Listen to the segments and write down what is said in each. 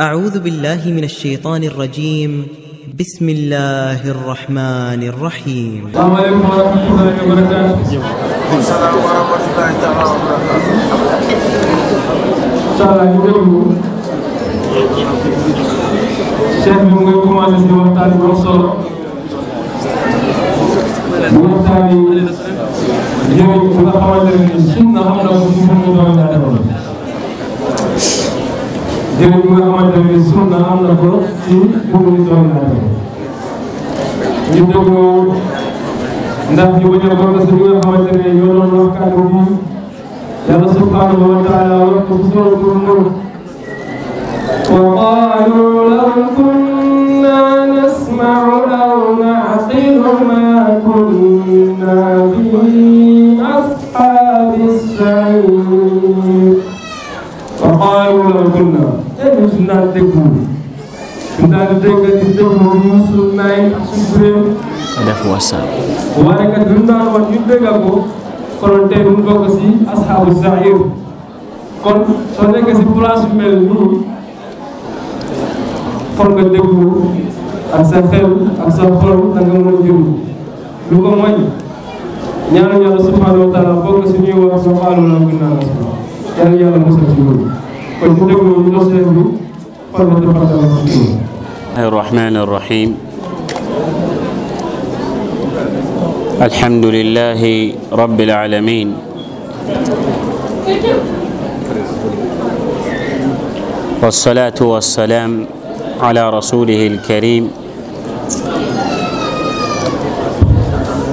أعوذ بالله من الشيطان الرجيم بسم الله الرحمن الرحيم السلام عليكم ورحمة الله وبركاته السلام ورحمة الله تعالى وبركاته إن يجب شيخ مغيكم على الوقتان الوصول الوقتان عليكم أن أخوة السنة أمنا وسنة أمنا jéego bi nga xamante ni sunna am na ko ci boobu lislaam ñu dégloo ndax ñu bañ a bokk si li nga xamante ne ñoo doon wax kàddu bi yàlla subhanahu wa taala wax ko ci suratul mulk وقالوا لو كنا نسمع أو نعقل ما كنا في أصحاب السعير وقالوا لو كنا Ada puasa. déglu dinaa dégg di déglu musu naay suufureem def wasaab waaye kon الرحمن الرحيم الحمد لله رب العالمين والصلاة والسلام على رسوله الكريم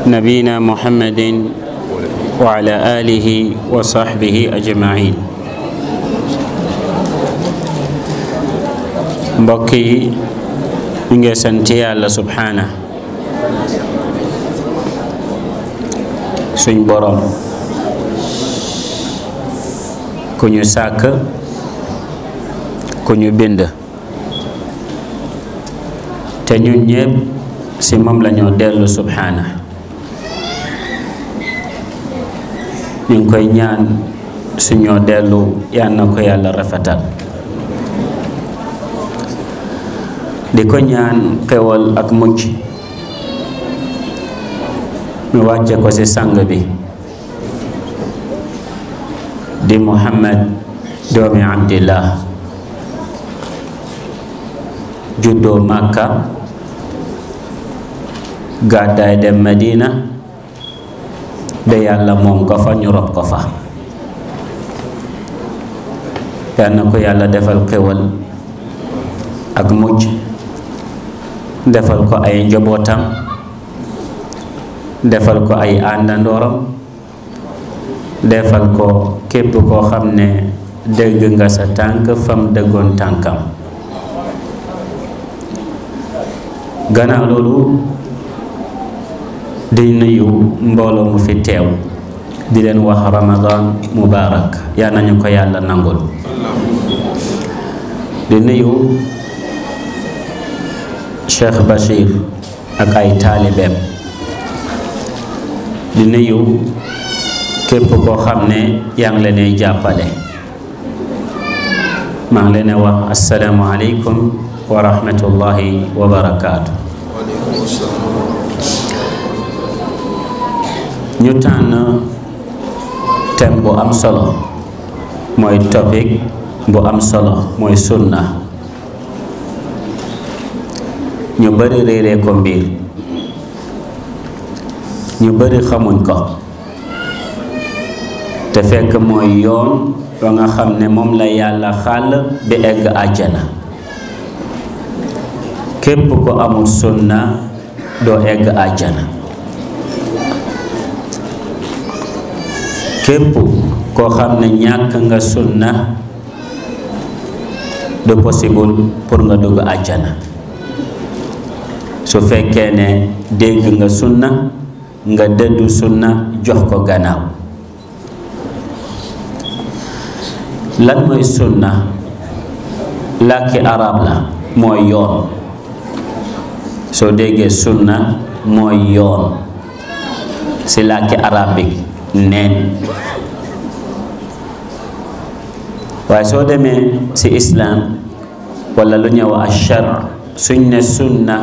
نبينا محمد وعلى آله وصحبه أجمعين mbokk yi ñu ngi sant yàlla subhaana suñ boroom ku ñu sàkk ku ñu bind te ñun ñépp ci moom lañoo dellu subhaana ñu ngi koy ñaan suñoo dellu yàlla na ko yàlla rafetal di ko ñaan xewal ak mucc ñu wàcce ko ci sang bi di Muhammad doomi Abdillah juddoo Makka gàddaay dem Madina de yàlla moom ko fa ñu rob ko fa yal ko yàlla defal xewal ak mucc defal ko ay njobootam defal ko ay àndandooram defal ko képp koo xam ne dëgg nga sa tànk fam dëggoon tànkam gannaaw loolu di nuyu mbooloo mu fi teew di leen wax ramadan mubarak yaa nañu ko yàlla nangul di nuyu Sheikh Bashir ak ay taalibeem di nuyu képp koo xam ne yaa leen ay jàppale maa ngi leen wax assalaamu aleykum wa rahmatullahi wa barakaatu ñu tànn thème bu am solo mooy topic bu am solo mooy sunna ñu bari réeree ko mbir ñu bari xamuñ ko te fekk mooy yoon ba nga xam ne moom la yàlla xàll bi egg àjjana képp ko amul sunna doo egg àjjana képp koo xam ne ñàkk nga sunna du possible pour nga dugg àjjana su fekkee ne dégg nga sunna nga dëddu sunna jox ko gannaaw lan mooy sunna làkki arab la mooy yoon soo déggee sunna mooy yoon ci làkki arab bi neen waaye soo demee si islam wala lu ñëw a char suñ ne sunna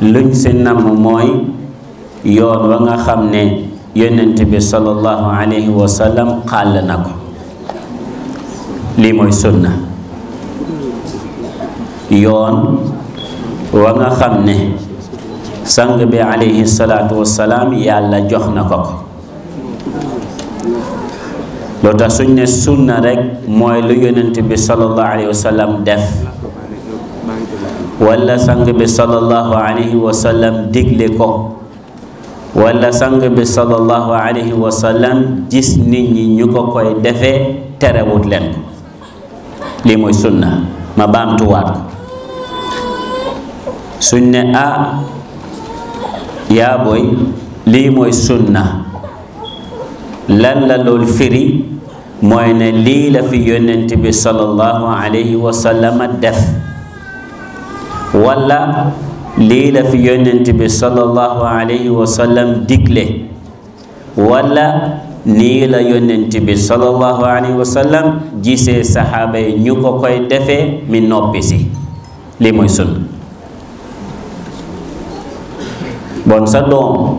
luñ si namm mooy yoon wa nga xam ne yonent bi sallallahu alayhi wa sallam xàll na ko lii mooy sunna yoon wa nga xam ne sang bi alayhi salaatu salaam yàlla jox na ko ko loo tax suñ ne sunna rekk mooy lu yonent bi sallallahu alayhi wa sallam def walla sang bi sallallahu alayhi wa sallam digle ko walla sang bi sallallahu alayhi wa sallam gis nit ñi ñu ko koy defee terewut len ko lii mooy sunna ma baamtuwaat ko suñ ne a yaa booy lii mooy sunna lan la lool firi moy ne lii la fi yonent bi sallallahu alayhi wa sallam def walla lii la fi yonent bi sallallahu alayhi wa sallam digle walla nii la yonent bi sallallahu alayhi wa sallam gisee saxaaba yi ñu koy defe mi noppisi si lii mooy sunna bon sa doom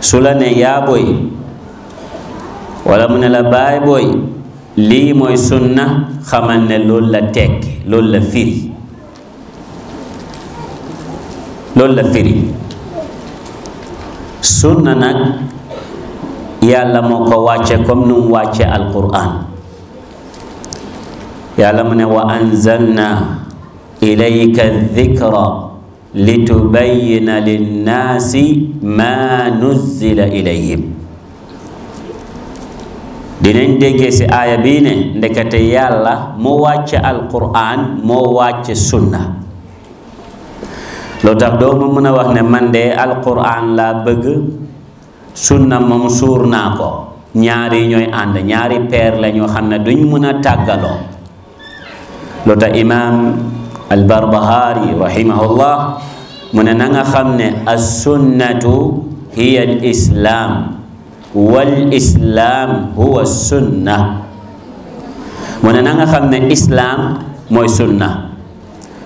su la ne yaa walla mu ne la baay booy lii mooy sunna xamal ne loolu la tekki lool la firi loolu la firi sunna nag yàlla moo ko wàcce comme nu wàcce alquran yàlla mu wa anzalna ilayka dhikra litubayyina linnaasi ma nuzzila ilayhim dinañ déggee si aaya bii ne ndekete yàlla moo wàcce alquran moo wàcce sunna loo tax doo ma mën wax ne man de alquran la beug sunna moom suur ko ñaari ñoy ànd ñaari père la ñoo xam duñ meuna tagalo tàggaloo loo tax imam rahimahullah mun na nga xamne as sunnatu hiya al islam wal islam huwa sunna mu na nga xamne islam moy sunnah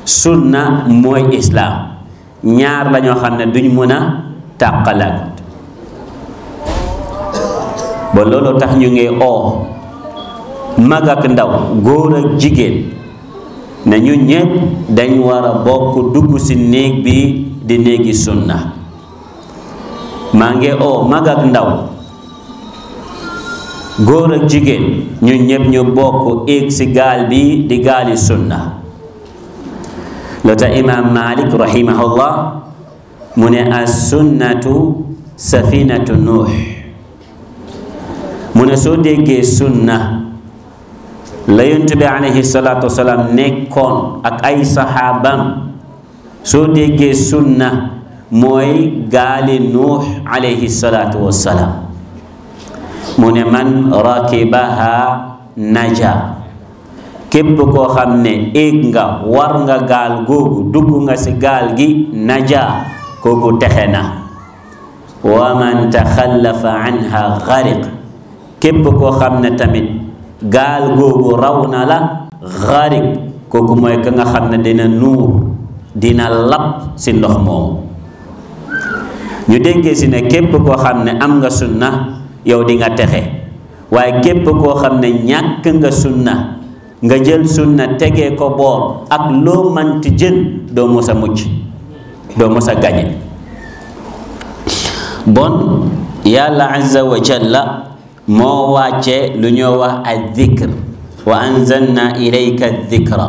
sunnah moy islam ñaar la ñoo xam ne duñ mën a tàqalaat ba loolu tax ñu ngi oo mag ak ndaw góor ak jigéen ne ñu ñëpp dañ war bokk dugg ci néeg bi di néegi sunna maa ngi oo mag ak ndaw góor ak jigéen ñu ñëpp ñu bokk éeg ci gaal bi di gaali sunna لتا إمام مالك رحمه الله من السنة سفينة نوح من سودك سنة لا ينتبه عليه الصلاة والسلام نكون أك أي صحابة سودك سنة موي قال نوح عليه الصلاة والسلام من من راكبها نجا képp koo xam ne nga war nga gal googu dugg nga si gal gi naja kooku texe na wa man taxallafa anha xariq képp koo xam ne tamit gaal googu raw na la xariq kooku mooy ka nga xam dina nur dina lab si ndox moomu ñu dénkee si ne képp koo xam am nga sunna yow di nga texe waaye képp koo xam ne nga sunna nga jël sunna tegee ko boor ak loo manti jël doo mos mucc doo mos a bon yàlla azza wa jalla moo wàccee lu ñoo wax al dhikr wa anzalna ilayka dhikra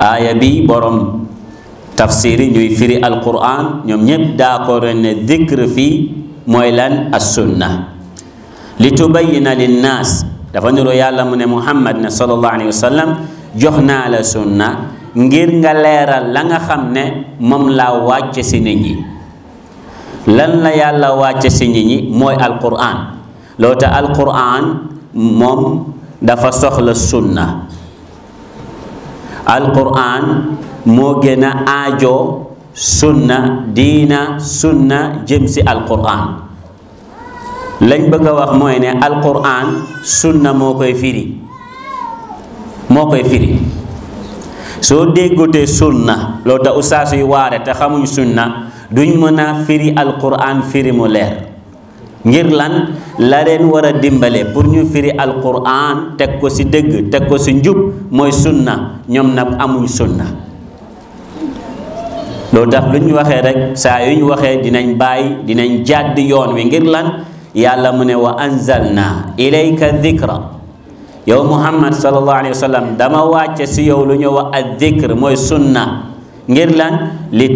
aaya bi boroom tafsiri ñuy firi alquran ñoom ñépp d'accord ne dhikr fii mooy lan as sunna li tubayina linnaas dafa niroo yàlla mu ne muhammad ne sallallahu alayhi wa sallam jox naa la sunna ngir nga leeral la nga xam ne moom laa wàcce si nit ñi lan la yàlla wàcce si nit ñi mooy alquran loo te alquran moom dafa soxla sunna alquran moo gën a aajo sunna diina sunna jëm si alquran lañ bëgg a wax mooy ne alquran sunna moo koy firi moo koy firi soo déggutee sunna loolu tax ustaas yi waare te xamuñ sunna duñ mën a firi alquran firi leer ngir lan la leen war dimbale pour ñu firi alquran teg ko si dëgg teg ko si njub mooy sunna ñoom nag amuñ sunna loo tax lu ñu waxee rek saa yu ñu waxee dinañ bàyyi dinañ jàdd yoon wi ngir lan yàlla mu ne wa anzalna ilayka dhikra yow muhammad sallallahu alayhi wa sallam dama wàcce si yow lu ñu wa addikr mooy sunna ngir lan li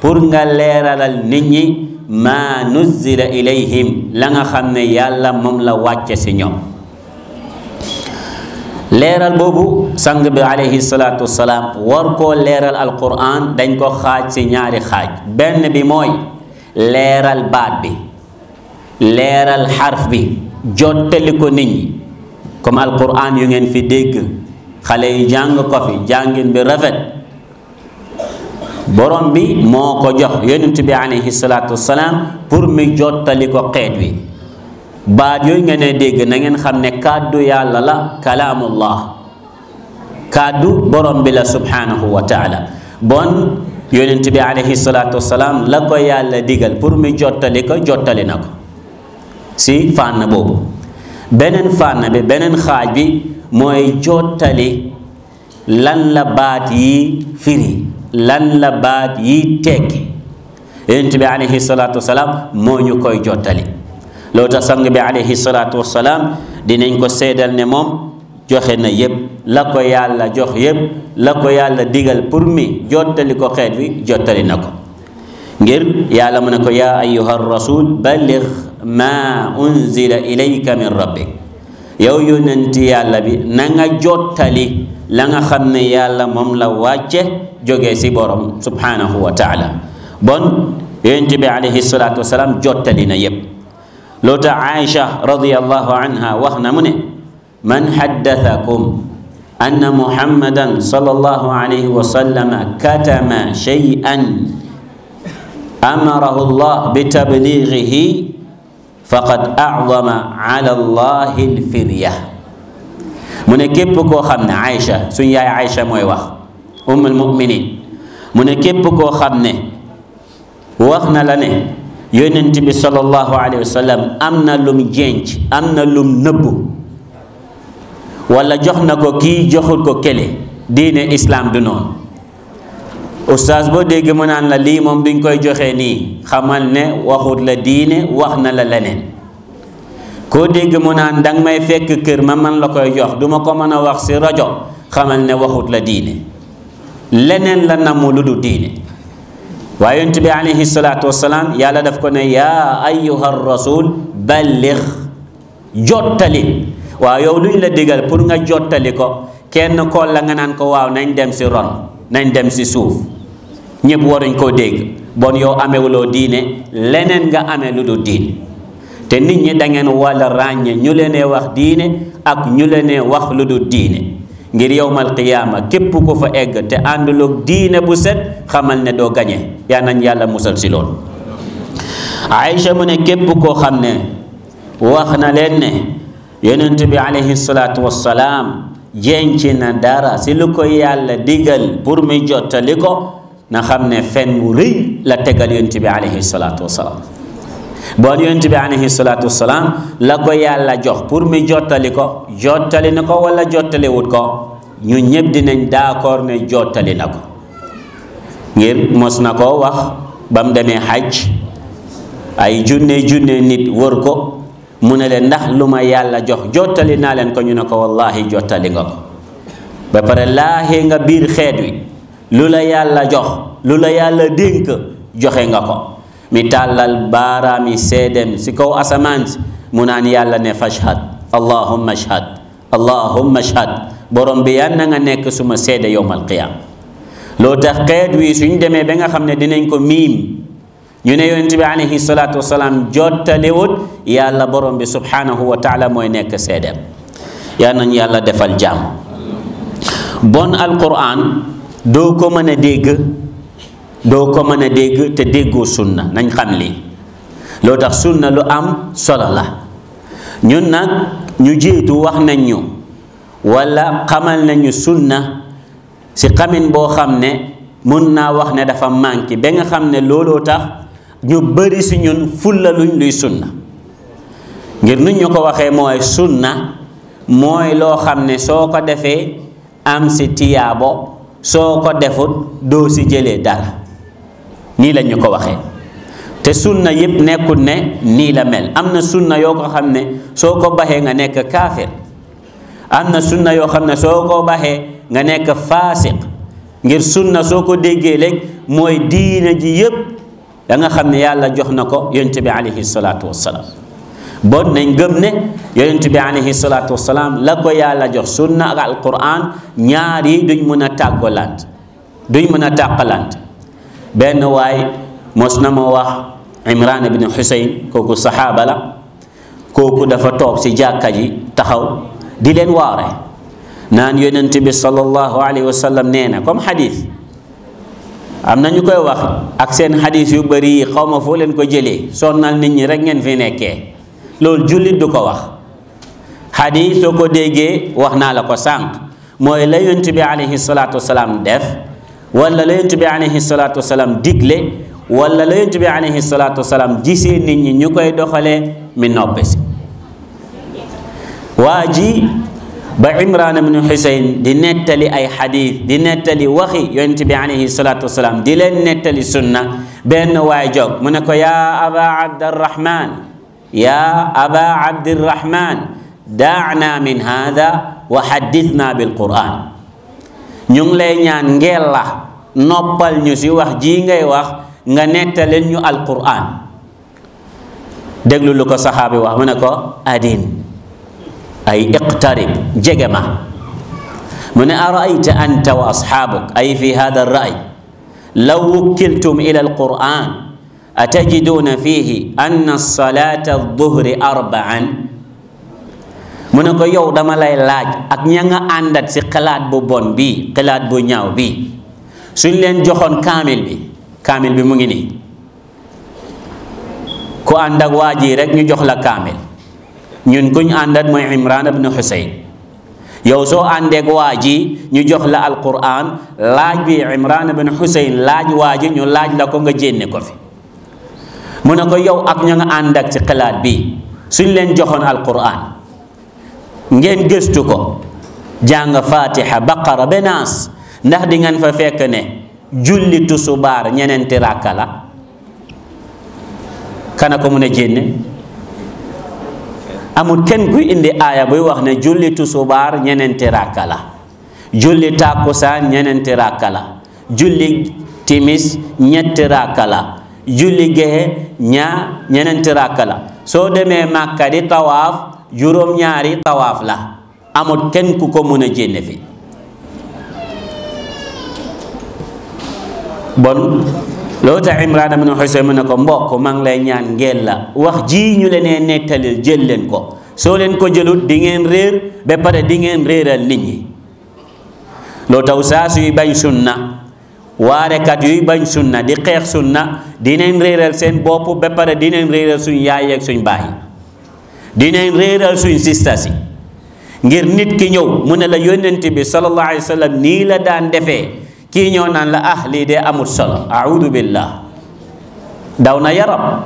pour nga leeralal nit ñi ma nuzila ilayhim la nga xam ne yàlla moom la wàcce si ñoom leeral boobu sang bi alayhi salaatu wasalaam war koo leeral alquran dañ ko xaaj si ñaari xaaj benn bi mooy leeral baat bi leeral xarf bi jottali ko nit ñi comme alquran yu ngeen fi dégg xale yi jàng ko fi jàngin bi rafet borom bi moo ko jox yonent bi alayhi salaatu wasalaam pour mi jottali ko xeet wi baat yooyu ngeen dégg na ngeen xam ne kàddu yàlla la kalaamullah kàddu borom bi la subhanahu wa taala bon yonent bi alayhi salaatu wasalaam la ko yàlla digal pour mi jottali ko jottali na ko si fànna boobu beneen fànna bi beneen xaaj bi mooy jottali lan la baat yi firi lan la baat yi tekki yonent bi alayhi salaatu wasalaam moo ñu koy jottali loota sang bi alayhi salaatu wasalaam dinañ ko seedal ne moom joxe na yépp la ko yàlla jox yépp la ko yàlla digal pour mi jottali ko xeet wi jottali na ko ngir yàlla mu ne ko yaa ayyuha rasul balligh ma unzila ilayka min rabbik yow yónnenti yàlla bi na nga jottali la nga xam ne yàlla moom la wàcce jógee si borom subhanahu wa taala bon yonent bi alayhi salatu wasalaam jottali na yépp loo tax aïcha radiallahu anha wax na mu ne man haddathakum anna muhammadan sallallahu alayhi wa sallama katama shay'an أمره الله بتبليغه فقد أعظم على الله الفرية من كيب كو خمنا عائشة سنيا عائشة موي وخ أم المؤمنين من كيب كو خمنا وخنا لني يننتبي صلى الله عليه وسلم أمنا لم جنج أمنا لم نبو ولا جخنا كو كي جخل كو كلي دين الإسلام دونون دي oustaz boo dégg mu naan la lii moom duñ koy joxe nii xamal ne waxut la diine wax na la leneen koo dégg mu naan danga may fekk kër ma man la koy jox duma ko mën a wax si rajo xamal ne waxut la diine leneen la namu lu du diine waaye yonent bi alayhi yàlla daf ko ne yaa ayyuha rasul jottali waaw luñ la digal pour nga jottali ko kenn kool la nga naan ko waaw nañ dem si ron nañ dem si suuf ñëpp waruñ koo dégg bon yow amewuloo diine leneen nga amee lu dul diine te nit ñi dangeen ngeen wala ñu leen wax diine ak ñu leen wax lu dul diine ngir yowmal qiyaama képp ko fa egg te ànduloo diine bu set xamal ne doo gañe yaa nañ yàlla musal si loon Aïcha mu ne képp koo xam ne wax na leen ne yonent bi alayhi salaatu jenc na dara si lu ko yàlla digal pour muy jottali ko na xam ne fen wu rëy la tegal yonent bi alayhi salaatu wasalaam bon yonent bi alayhi salaatu wasalaam la ko yàlla jox pour mu jottali ko jottali na ko wala jottali wut ko ñu ñëpp dinañ d'accord ne jottali na ko ngir mos na koo wax ba mu demee xaj ay junne junne nit wër ko mu ne leen ndax lu ma yàlla jox jottali naa leen ko ñu ne ko wallahi jottali nga ko ba pare laaxee nga biir xeet wi lula la yàlla jox lula la yàlla dénk joxe nga ko mi tàllal baaraami sedem si ko asaman munan yàlla ne fashhad allahumma ashhad allahumma ashhad borom bi yan nga nek suma seede yowmal qiyam lo tax qed wi suñ deme be nga xamne dinañ ko mim ñu ne yonent bi alayhi wassalam jotale wut yàlla borom bi subhanahu wa taala moy nek sedem yal nañ yàlla defal jàmm bon alquran doo ko mën a dégg doo ko mën a dégg te déggoo sunna nañ xam lii loo tax sunna lu am solo la ñun nag ñu jiitu wax nañ ñu wala xamal nañu sunna si xamin boo xam ne mun naa wax ne dafa manqué ba nga xam ne looloo tax ñu bëri si ñun fullaluñ luy sunna ngir nuñ ñu ko waxee mooy sunna mooy loo xam ne soo ko defee am si tiyaabo soo ko defut doo si jëlee dara nii lañu ko waxee te sunna yépp nekkul ne nii la mel am na sunna yoo ko xam ne soo ko baxee nga nekk kaafir am na sunna yoo xam ne soo ko baxee nga nekk faasiq ngir sunna soo ko déggee léeg mooy diina ji yépp da xam ne yàlla jox na ko yonent bi alayhi salaatu wassalaam bon nañ gëm ne yonent bi alayhi salaatu wasalaam la yàlla jox sunna ak alquran ñaar yi duñ mën a tàggalant duñ mën a tàqalant benn waay mos na ma wax imran ibn husayn kooku saxaaba kooku dafa toog si jàkka ji taxaw di leen waare naan yonent bi sallallahu alayhi wa sallam nee na comme am na ñu koy wax ak seen xadis yu bari yi xaw ma foo leen ko jëlee sonnal nit ñi rek ngeen fi nekkee loolu jullit du ko wax xadis soo ko déggee wax naa la ko sànq mooy la yonent bi alayhi salaatu wasalaam def wala la yonent bi alayhi salaatu wasalaam digle wala la yonent bi alayhi salaatu wasalaam gisee nit ñi ñu koy doxalee mi noppi si waa ji ba Imran ibnu Xuseyn di nettali ay xadis di nettali waxi yonent bi alayhi salaatu salaam di leen nettali sunna benn waay jóg mu ne ko yaa aba abdarrahman يا أبا عبد الرحمن دعنا من هذا وحدثنا بالقرآن ñu ngi نيان ñaan لا نوبال ني سي واخ جي ji واخ nga netale ñu alquran déglu luko sahabi wax mu ko adin ay iqtarib jegema mune araita anta wa ashabuk ay fi hada ar ray law wukkiltum ila alquran atajiduna fihi anna salata dhuhri arba'an mu ne ko yow dama lay laaj ak ña nga àndat si xalaat bu bon bi xalaat bu ñaaw bii suñ leen joxoon kaamil bi kaamil bi mu ngi nii ku ànd ak waa ji rek ñu jox la kaamil ñun kuñ àndat mooy Imran ibn Husayn yow soo àndeek waa ji ñu jox la alquran laaj bi Imran ibn Husayn laaj waa ji ñu laaj la ko nga jénne ko fi mu ne ko yow ak ña nga ànd ak ci xalaat bi suñ leen joxoon alquran ngeen gëstu ko jàng fatiha baqara benaas ndax di ngeen fa fekk ne julli tusubaar ñeneenti ràkka kana ko mun a jénne amul kenn kuy indi aaya buy wax ne julli tusubaar ñeneenti ràkka la julli tàkkusaan ñeneenti ràkka julli timis ñetti ràkka julli gexe ñaa ñeneenti ràkk la soo demee màkka di tawaaf juróom-ñaari tawaaf la amul kenn ku ko mën a jénne fi bon loolu tax Imraan ibn Husayn mu ne ko mbokk maa lay ñaan ngeen la wax ji ñu leen nettalil jël leen ko soo leen ko jëlut dingeen ngeen réer ba pare di ngeen réeral nit ñi loolu tax saa bañ sunna waarekat yuy bañ sunna di xeex sunna dinañ réeral seen bopp ba pare dinañ réeral suñ yaay ak suñ baay dinañ réeral suñ sistas yi ngir nit ki ñëw mu ne la yonent bi sallallahu alayhi wasallam sallam nii la daan defee kii ñëw naan la ah lii dee amul solo audu billah daw na yaram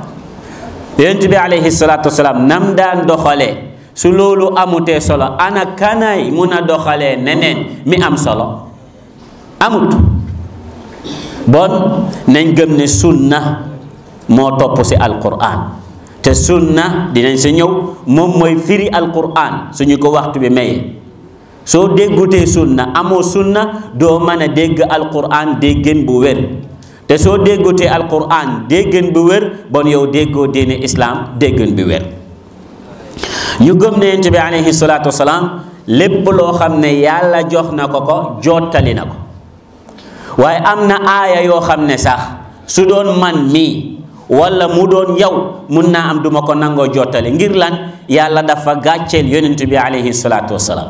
yonent bi alayhi salatu wasalaam nam daan doxalee su loolu amutee solo ana kanay mun a doxalee neneen mi am solo amut bon nañ gëm ne sunna moo topp si alquran te sunna dinañ si ñëw moom mooy firi alquran suñu ko waxtu bi maye soo déggutee sunna amoo sunna doo mën a dégg alquran déggin bu wér te soo déggutee alquran déggin bu wér bon yow déggoo diine islaam déggin bu wér ñu gëm ne yonent bi alayhi salaatu wasalaam lépp loo xam ne yàlla jox na ko ko jottali na ko waaye am na aaya yoo xam ne sax su doon man mii walla mu doon yow mun naa am duma ko nangoo jottale ngir lan yàlla dafa gàcceel yonent bi alayhi salaatu wasalaam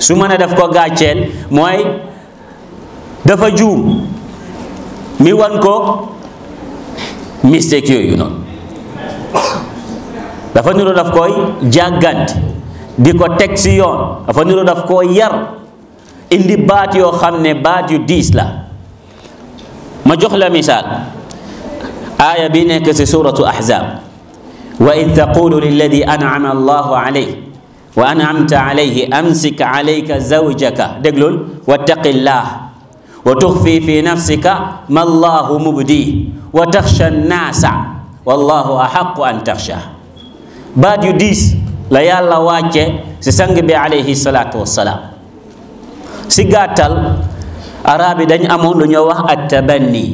su ma def ko gàcceel mooy dafa juum mi wan kook mistake yooyu noonu dafa nuru daf koy jàggant di ko teg si yoon dafa niroo daf koo yar indi baat yoo xam ne baat yu diis la ma jox la misaal aaya bi nekk si suratu ahzab wa id taqulu lilladi anama allahu alayh wa anamta alayhi amsik alayka zawjaka déglul wattaqillah وتخفي mubdi wa ما الله مبديه وتخشى الناس والله أحق أن تخشاه بعد يديس لا يالا واجه سسنج alayhi salatu wassalam si gàttal araab yi dañ amoon lu ñoo wax at tabanni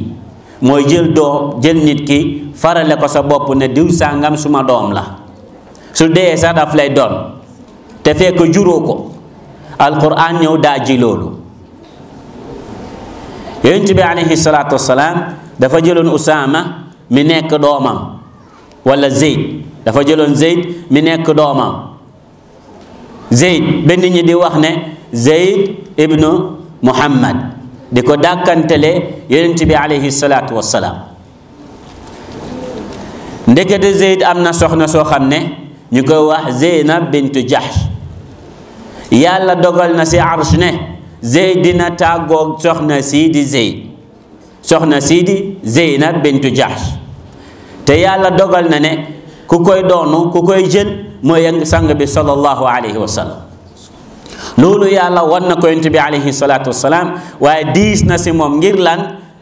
mooy jël doo jël nit ki farale ko sa bopp ne diw sàngam suma doom la su dee sax doon te fekk juróo ko alquran ñëw daa ji loolu bi alayhi dafa jëloon usaama mi nekk doomam wala zeyd dafa jëloon zeyd mi nekk doomam zeyd ba ñi di wax ne zeyd ibnu muhammad di ko dàkkantele yonent bi alayhi salaatu wassalaam ndekete zeyd am na soxna soo xam ne ñu koy wax zeynab bintu jahsh yàlla dogal na si arsh ne zeyd dina tàggoog soxna sii di zeyd soxna sii di zeynab bintu jahsh te yàlla dogal na ne ku koy doonu ku koy jël mooy sang bi sallallahu alayhi wa sallam loolu yàlla wan na ko yonent bi alayhi salaatu wasalaam waaye diis na si moom ngir lan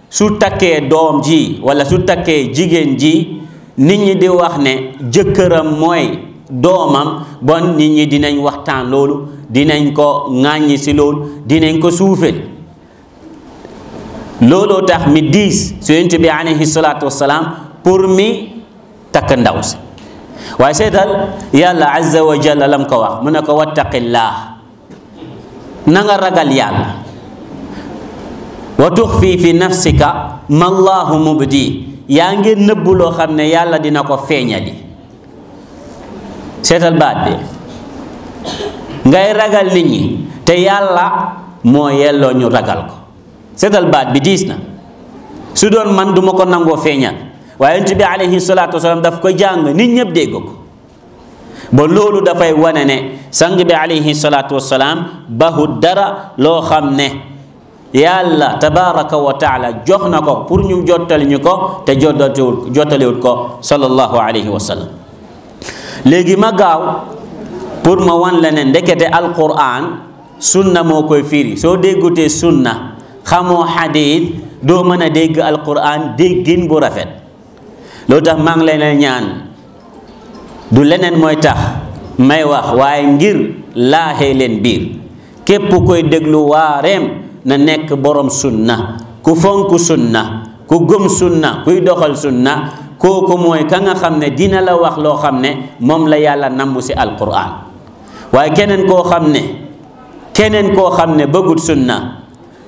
su takkee doom ji wala su takkee jigéen ji nit ñi di wax ne jëkkëram mooy doomam bon nit ñi dinañ waxtaan loolu dinañ ko ŋàññi si loolu dinañ ko suufeel looloo tax mi diis su yonent bi alayhi salaatu wasalaam pour mi takk ndaw si waaye seetal yàlla azza wa jalla lam ko wax mu ne ko wattaqillah nanga ragal yàlla wa tuxfi fi nafsika ma llahu mubdi yaa ngi nëbbu loo xam ne yàlla dina ko feeñali seetal baat bi ngay ragal nit ñi te yàlla moo yelloo ñu ragal ko seetal baat bi diis na su doon man duma ko nangoo feeñal waaye yonent bi alayhi salaatu wasalaam daf ko jàng nit ñëpp dégg ko ba loolu dafay wane ne sang bi alayhi salaatu salaam bahu dara loo xam ne yàlla tabaraka wa taala jox na ko pour ñu jottali ñu ko te jottaliwul jottaliwul ko sallallahu alayhi wa sallam léegi ma gaaw pour ma wan la ne ndekete alquran sunna moo koy fiir soo déggutee sunna xamoo xadiit doo mën a dégg alquran déggin bu rafet loo tax maa ngi leen ñaan du leneen mooy tax may wax waaye ngir laaxee leen biir képp koy déglu waareem na nekk borom sunna ku fonk sunna ku gëm sunna kuy doxal sunna kooku mooy ka nga xam ne dina la wax loo xam ne moom la yàlla namm si alquran waaye keneen koo xam ne keneen koo xam ne bëggut sunna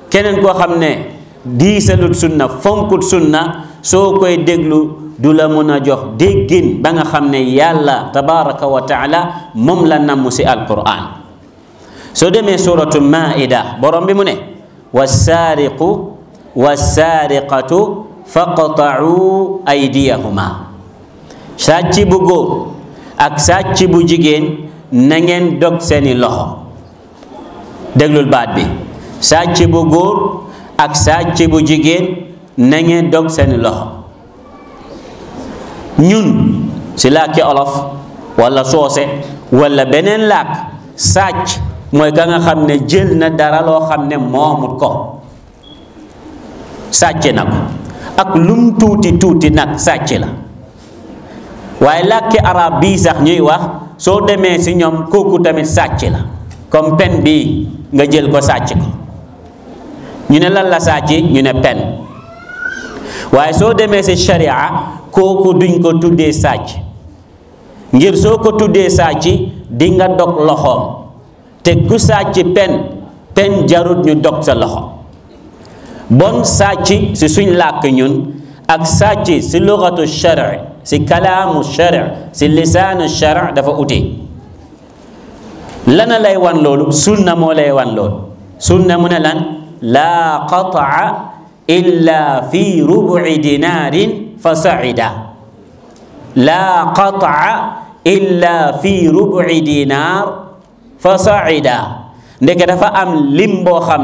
keneen koo xam ne diisalut sunna fonkut sunna soo koy déglu dula la jox déggin ba nga xamné yàlla tabaraka wa taala mom la nam ci alquran so demé suratul maida borom bi mu ne wasaariqu wasaariqatu faqta'u aydiyahuma sacci bu go ak sacci bu jigen na ngeen dog seni loxo déglul baat bi sacci bu góor ak sacci bu jigen na ngeen dog seni loxo ñun si làkki olof walla soose walla beneen làkk sàcc mooy ka nga xam ne jël na dara loo xam ne moomut ko sàcc na ko ak lum tuuti tuuti nag sàcc la waaye làkki arab bii sax ñuy wax soo demee si ñoom kooku tamit sàcc la comme pen bii nga jël ko sàcc ko ñu ne lan la sàcc ñu ne pen waaye soo demee si sharia kooku duñ ko tuddee sàcc ngir soo ko tuddee sàcc dinga nga dog loxoom te ku sàcc pen pen jarut ñu dog sa loxo bon sàcc si suñ làkk ñun ak sàcc si lugatu shari si kalaamu shari si lisaanu shari dafa ute lana lay wan loolu sunna moo lay wan loolu sunna mu ne lan laa qataa illa fi rubu'i dinarin fasa'ida la qat'a illa fi rubu'i dinar fasa'ida ndeke dafa am limbo boo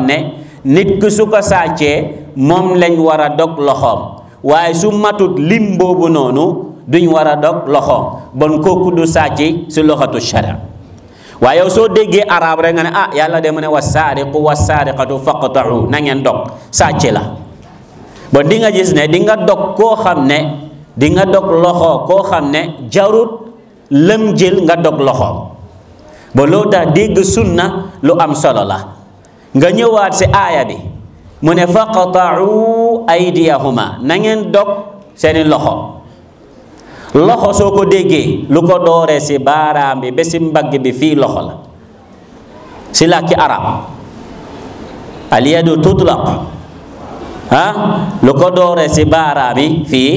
nit ku su ko sàccee moom lañ war a dog loxoom waaye su matut lim boobu noonu duñ a dog loxoom bon kooku du sàcc si loxatu sharia waaye yow soo arab rek nga ah yàlla de mu ne wasaariqu faqtau na ngeen dog sàcc la ba di nga gis ne di nga dog koo xam ne di nga dog loxo koo xam ne jarut lem jël nga dok loxoom ba loo tax dégg sunna lu am solo la nga ñëwaat si aaya bi mu ne faqata'u aydiyahuma na ngeen dog seeni loxo loxo soo ko lu ko dooree si baaraam bi ba si bi fii loxo la si làkki arab al yadu tutlaq ah lu ko dooree si baaraam yi fii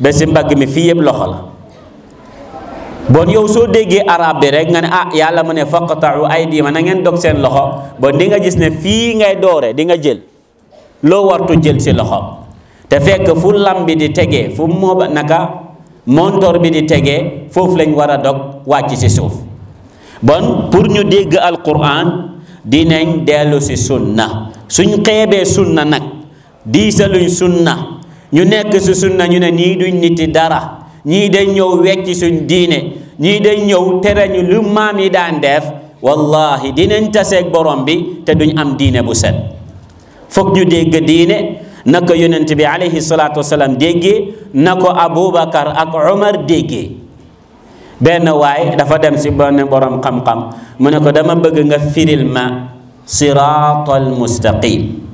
ba si mbagg mi fii yëpp loxo la bon yow soo déggee araab bi rek nga ne ah yàlla mu ne faqtau aydiima na ngeen dog seen loxo bon di nga gis ne fii ngay doore di nga jël loo wartu jël si loxo te fekk fu lam bi di tegee fu mooba naka montor bi di tegee foofu lañ war a dog wàcc si suuf bon pour ñu dégg alquran dinañ dellu si sunna suñ xeebee sunna nag diisaluñ sunna ñu nekk si sunna ñu ne nii duñ niti dara ñii day ñëw wecc suñ diine ñii day ñëw tere ñu lu maam yi daan def wallahi dinañ taseeg borom bi te duñ am diine bu set foog ñu dégg diine na ko yonent bi alayhi salaatu wasalaam déggee na ko Aboubacar ak Omar déggee benn waay dafa dem si benn borom xam-xam mu ne ko dama bëgg nga firil ma siraatal mustaqim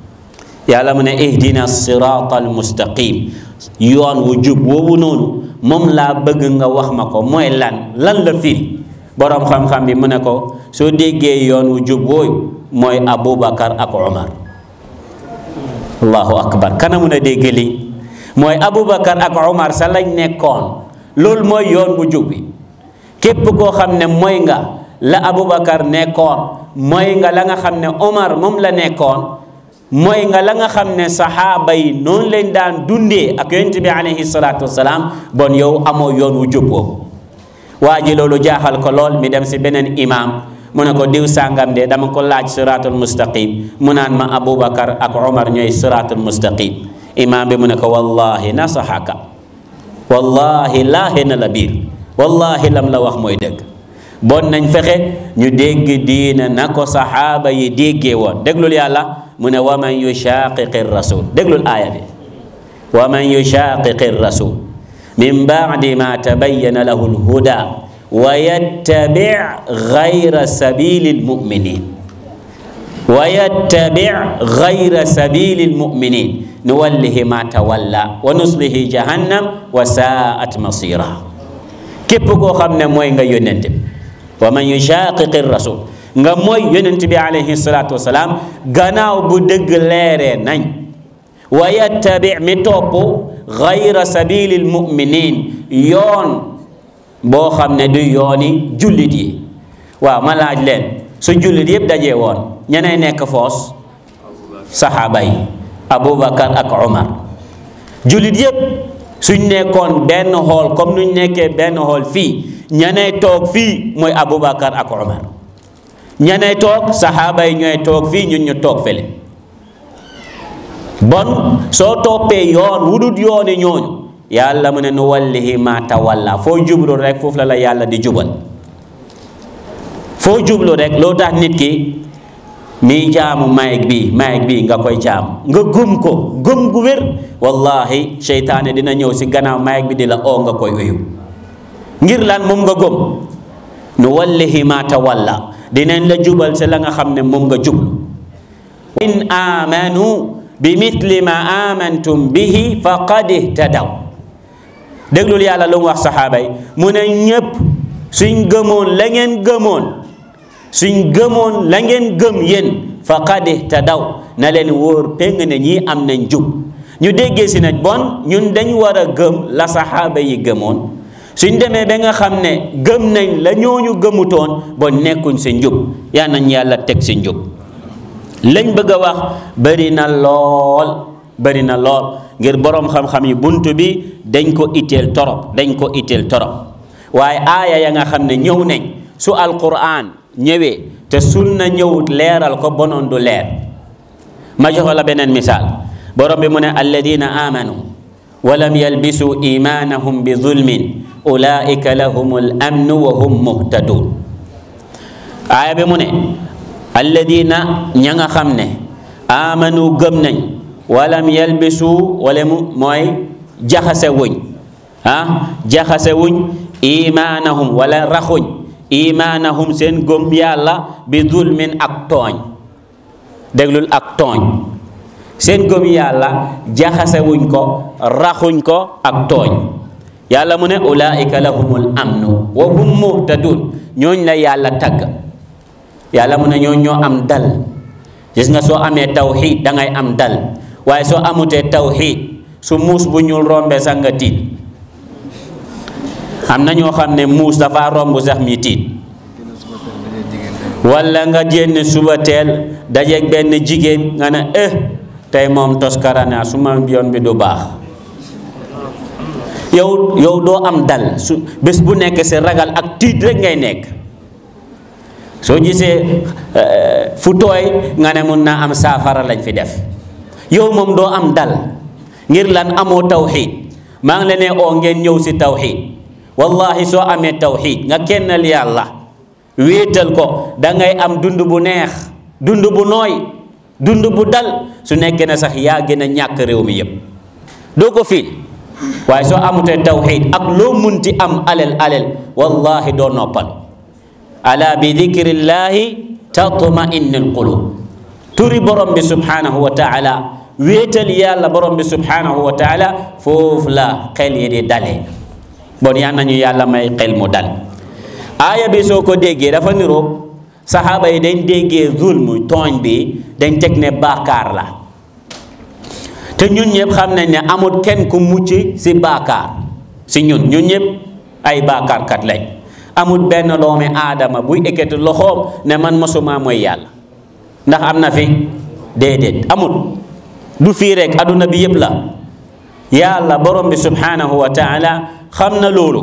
Ya mu ne ihdina siratal mustaqim yoon wu jub woowu noonu moom laa bëgg nga wax ma ko mooy lan lan la firi boroom xam-xam bi mu ko soo déggee yoon wu jub wooyu abubakar ak omar allahu akbar kana mun a dégg lii mooy abubakar ak omar sa lañ nekkoon loolu mooy yoon bu jub bi képp koo xam ne mooy nga la abubakar nekkoon mooy nga la nga xam ne omar moom la nekkoon moy nga la nga xamne sahaba yi non lañ daan dundé ak yonent bi alayhi salaatu wasalaam bon yow amo yoon wu jub waji waa jaaxal ko lol mi dem ci benen imam mu diw sàngam de dama ko laaj siratul mustaqim munan naan ma Aboubacar ak Omar ñoy siratul mustaqim imam bi mu wallahi nasahaka wallahi la hin labir wallahi lam la wax moy deug bon nañ fexe ñu dégg diina nako sahaba saxaaba yi déggee woon déglul yàlla من ومن يشاقق الرسول دقلوا الآية دي ومن يشاقق الرسول من بعد ما تبين له الهدى ويتبع غير سبيل المؤمنين ويتبع غير سبيل المؤمنين نوله ما تولى ونصله جهنم وساءت مصيرا كيف قو خمنا موينغا ومن يشاقق الرسول nga moy yonent alayhi salatu wasalaam ganaw bu deug lere nañ wayattabi mi top ghayra sabilil muminin yon bo xamne du yoni julit yi wa ma laaj len su julit yeb dajé won ñeneen nek fos sahaba yi aboubacar ak umar julit yeb suñ nekkon ben hol comme nuñ nekkee benn xool fii ñeneen toog fii mooy aboubacar ak umar ñeney toog saxaaba yi ñooy toog fii ñun ñu toog fële bon soo toppee yoon wudut yooni ñooñu yàlla mu ne nu wallihi ma tawalla foo jublu rek foofu la la yàlla di jubal foo jublu rek loo tax nit ki mii jaamu mayig bi mayig bi nga koy jaam nga gëm ko gëm gu wér wallahi seytaane dina ñëw si gannaaw mayig bi di la oo nga koy uyu ngir lan moom nga gëm nu wallihi ma tawalla dinañ la jubal ci la nga xam ne moom nga jublu in amanu bi mithli ma amantum bihi faqad ihtadaw déglul yàlla lu mu wax saxaaba yi mu ne ñépp suñ gëmoon la ngeen gëmoon suñ gëmoon la ngeen gëm yéen te daw na leen wóor péng ne ñii am nañ jub ñu déggee si nag bon ñun dañ war a gëm la saxaaba yi gëmoon suñ demee ba nga xam ne gëm nañ la ñooñu gëmutoon ba nekkuñ si njub yaa nañ yàlla teg si njub lañ bëgg a wax bari na lool bari na lool ngir boroom xam-xam yi bunt bi dañ ko itteel torop dañ koo itteel torop waaye aaya ya nga xam ne ñëw nañ su alquran ñëwee te su na ñëwut leeral ko bonoon du leer ma jox la beneen misaal borom bi mu ne alladina amanu ولم يلبسوا إيمانهم بظلم أولئك لهم الأمن وهم مهتدون آية بمنى الذين نيانا نعم خمنه آمنوا قمنا ولم يلبسوا ولم موي جخسوين ها جخسوين إيمانهم ولا رخون إيمانهم سن قم يالا بظلم أكتون دقلوا الأكتون seen gëm yàlla jaxasewuñ ko raxuñ ko ak tooñ yàlla mu ne ulaika lahumul amnu wa hum muhtadun ñooñ la yàlla tagg yàlla mu ne ñooñ ñoo am dal gis nga soo amee tawxiid dangay am dal waaye soo amutee tawxiid su muus bu ñuul rombee sax nga tiit am na ñoo xam ne muus dafa romb sax mi tiit walla nga génn suba teel dajeeg benn jigéen nga ne eh tey moom toskarana ah, su ma yoon bi du baax yow yow doo am dal bés bu nekk si ragal ak tiit rek ngay nekk soo gisee eh, eh, fu tooy nga ne mun naa am saafara lañ fi def yow moom doo am dal ngir lan amoo tawxiid maa ngi leen ne oo oh, ngeen ñëw si tawxiid wallahi soo amee tawxiid nga kennal yàlla wéetal ko da am dund bu neex dund bu nooy dundu bu dal su nekké na sax ya gëna ñak réew mi yëp do ko fi way so amuté tawhid ak lo munti am alal alal wallahi do nopal ala bi dikrillaahi tatma'innul qulub turi borom bi subhanahu wa taala wetal yàlla borom bi subhanahu wa taala fof la xel yi di dalé bon ya nañu yàlla may xel mu dal aya bi soko déggé dafa niro saxaaba yi dañ déggee zulmu tooñ bi dañ teg ne bàkkaar la te ñun ñëpp xam nañ ne amul kenn ku mucc ci bàkkaar si ñun ñun ñëpp ay bàkkaarkat lañ amul benn doomi aadama buy ekkati loxoom ne man mosuma mooy yàlla ndax am na fi déedéet amul du fii rek adduna bi yëpp la yàlla borom bi subhanahu wa taala xam na loolu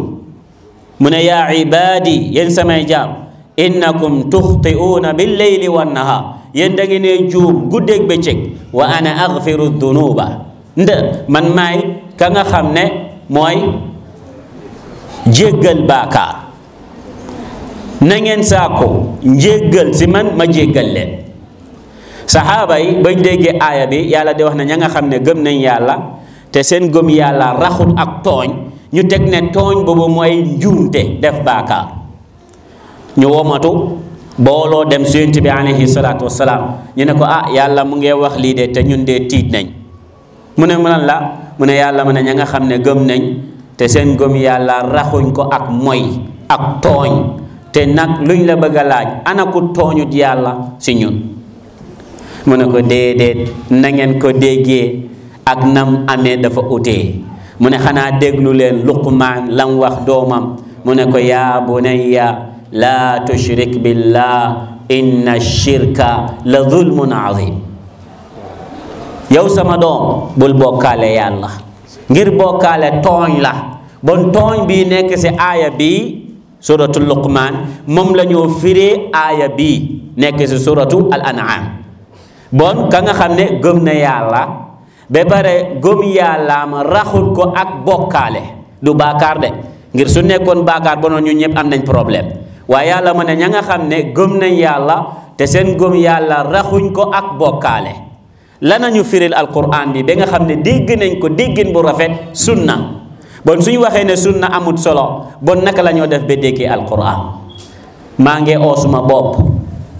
mu ne yaa ibaadi yéen samay jaam innakum tukhti'una bil layli wan nahar yéen da ngeen ne juum guddeeg bëccëg wa ana aghfiru dhunuba nda man maay ka nga xam ne mooy jéggal baakaar na ngeen saako njéggal si man ma jéggal leen saxaaba yi bañ déggee aaya bi yàlla di wax ne ña nga xam ne gëm nañ yàlla te seen gëm yàlla raxut ak tooñ ñu teg ne tooñ boobu mooy njuumte def baakaar ñu womatu booloo dem si yonent bi alayhi salaatu salaam ñu ne ko ah yàlla mu ngi wax lii de te ñun de tiit nañ mu ne mu lan la mu ne yàlla mu ne ña nga xam ne gëm nañ te seen gëm yàlla raxuñ ko ak moy ak tooñ te nag luñ la bëgga a laaj ana ku tooñut yàlla si ñun mu ne ko déedéet na ngeen ko déggee ak nam amee dafa utee mu ne xanaa déglu leen luqmaan lam wax doomam mu ne ko yaa bunayya لا تشرك بالله إن الشرك لظلم عظيم يو سما دوم بول بوكال يا الله غير بوكال توين لا بون توين بي نيك سي آية بي سورة اللقمان موم لا نيو فيري آية بي نيك سي سورة الأنعام بون كاغا خامني گوم نا يا الله be pare gom yalla ma rahul ko ak bokale du bakar de ngir su nekkon bakar bonon ñun ñep am nañ problème waaye yàlla ma ne ña nga xam ne gëm nañ yàlla te seen gëm yàlla raxuñ ko ak bokkaale lanañu firil alquran bi ba nga xam ne dégg nañ ko déggin bu rafet sunna bon suñ waxee ne sunna amut solo bon naka lañoo def ba déggee alquran maa ngi oo suma bopp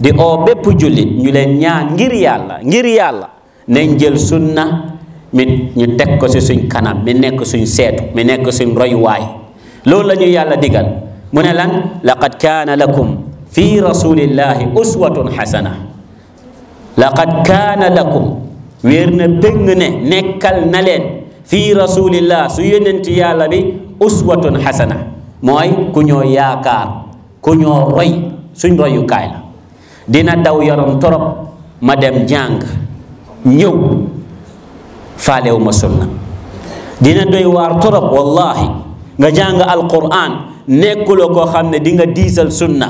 di oo bépp jullit ñu leen ñaan ngir yàlla ngir yàlla nañ jël sunna mi ñu teg ko si suñ kanam mi nekk suñ seetu mi nekk suñ royuwaay loolu la yàlla digal من لن لقد كان لكم في رسول الله أسوة حسنة لقد كان لكم ويرن بنغن نكال نلين في رسول الله سينن تيالا لبي أسوة حسنة موي كنيو ياكار كنيو روي سن روي كايلا دينا داو يرم ترب مدام جانغ نيو فاليو مسلنا دينا دوي وار ترب والله نجانغ القرآن nekkuloo koo xam ne dinga diisal sunna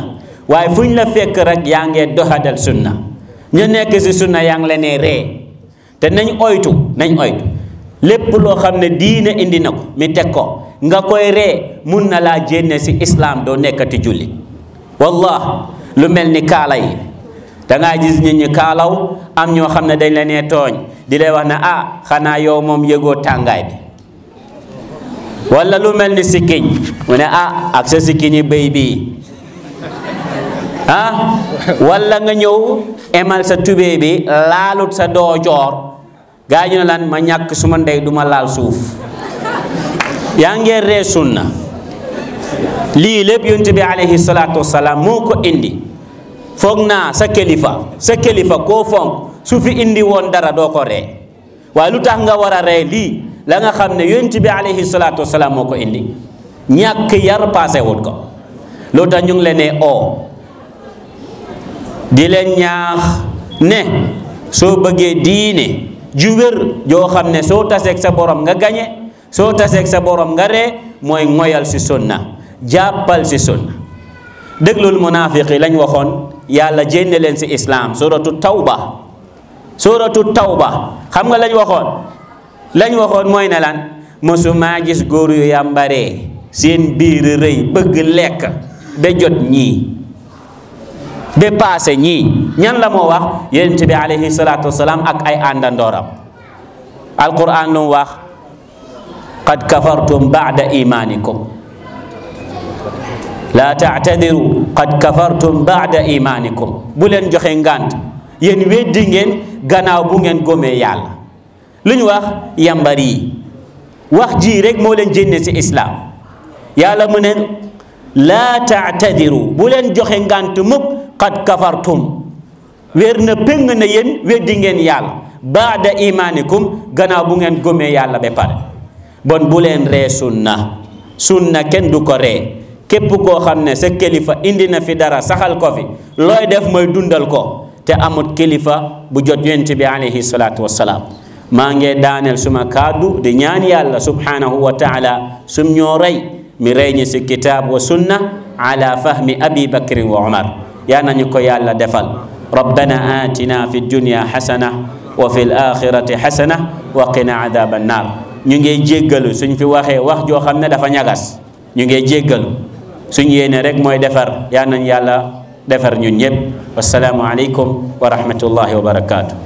waaye fu ñu la fekk rek yaa ngee doxadal sunna ñu nekk si sunna yaa ngi leen ree te nañ oytu nañ oytu lépp loo xam ne diina indi na ko mi teg ko nga koy ree mun na laa jénne si islaam doo nekkati julli wallah lu mel ni kaala yi dangaa gis nit ñi kaalaw am ñoo xam ne dañ la nee tooñ di lay wax ne ah xanaa yow moom yëgoo tàngaay bi wala lu mel ni sikkiñ mu ne a ah, ak sa sikkiñi béy bii ah wala nga ñëw emal sa tubéy bi laalut sa doojoor gaa ñu lan ma ñàkk suma ndey duma ma laal suuf yaa ngeen ree na lii lépp yonent bi alayhi salaatu wasalaam moo ko indi foog naa sa kilifa sa kilifa koo fonk su fi indi woon dara doo ko ree waaye lu tax nga war ree lii la xam ne yonent bi alayhi salaatu wasalaam moo ko indi ñàkk yar paase ko loolu tax ñu ngi ne oo di leen ñaax ne soo bëggee diine ju joo xam ne soo taseeg sa borom nga gañe soo taseeg sa borom nga ree mooy ngoyal si sunna jàppal si sunna déglu munaafiq yi lañ waxoon yàlla jénne leen si islaam suratu tawba suratu tawba xam nga lañ waxoon lañu waxoon mooy ne lan mosuma gis góor yu yàmbaree seen biir rëy bëgg lekk ba jot ñii ba paase ñii ñan la moo wax yonent bi alayhi salaatu wasalaam ak ay àndandooram alquran lu mu wax qad kafartum baada imanikum laa taatadiru qad kafartum baada imanikum bu leen joxe ngànt yéen weddi ngeen bu ngeen gomee yàlla luñ wax yambar yi wax ji rek moo leen jénne ci islaam yàlla mu ne la tatadiru bu leen joxe ngànt mukk qad kafartum wér na péng na yéen weddi ngeen yàlla baada imanikum gannaaw bu ngeen gomee yàlla ba pare bon bu leen ree sunna sunna kenn du ko ree képp koo xam ne sa kalifa indi na fi dara saxal ko fi looy def mooy dundal ko te amut kalifa bu jot yonent bi alayhi salatu wassalaam mange daniel suma kadu de nyani yalla subhanahu wa ta'ala sum nyorey mi reñe si kitab wa sunna ala fahmi abi bakr wa umar ya nani ko yalla defal rabbana atina fid dunya hasana wa fil akhirati hasana wa qina adhaban nar ñu ngey jéggalu suñ fi waxé wax jo xamné dafa ñagas ñu ngey jéggalu suñ yéne rek moy defar ya nañ yàlla defar ñun ñëpp assalamu alaykum wa rahmatullahi wa barakatuh